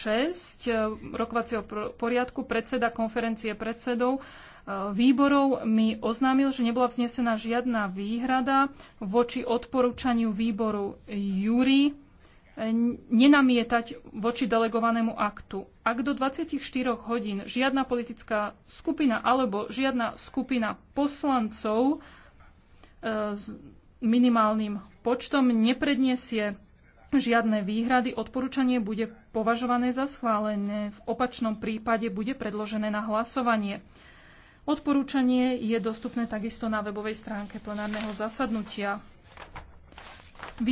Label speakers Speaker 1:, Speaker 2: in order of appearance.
Speaker 1: 6 eh, rokovacieho poriadku predseda konferencie predsedov eh, výborov mi oznámil, že nebola vznesená žiadna výhrada voči odporúčaniu výboru Júri eh, nenamietať voči delegovanému aktu. Ak do 24 hodín žiadna politická skupina alebo žiadna skupina poslancov s minimálnym počtom nepredniesie žiadne výhrady, odporúčanie bude považované za schválené. V opačnom prípade bude predložené na hlasovanie. Odporúčanie je dostupné takisto na webovej stránke plenárneho zasadnutia.